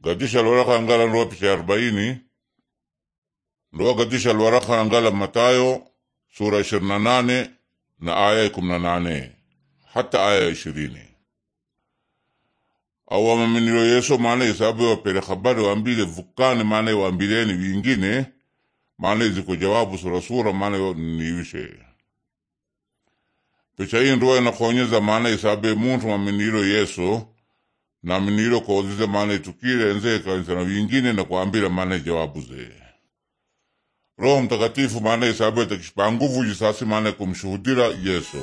gadisha alwaraka angala ndoa picha arobaini ndoa gadisha alwaraka angala Matayo sura ishirini na nane na aya kumi na nane hata aya ishirini awamaminilo yeso maana isabu wapele habari wambile vukane maana wambileni wingine maana iziko jawabu surasura maana niwishe picha hii ndoa inakonyeza maana isabu muntu maminilo yeso naminilo kozize mana itukile enze na wingine nakwambila mana ijawabuze Roho Mtakatifu mane isabwe kishipa nguvu jisasi mane kumshuhudira Yesu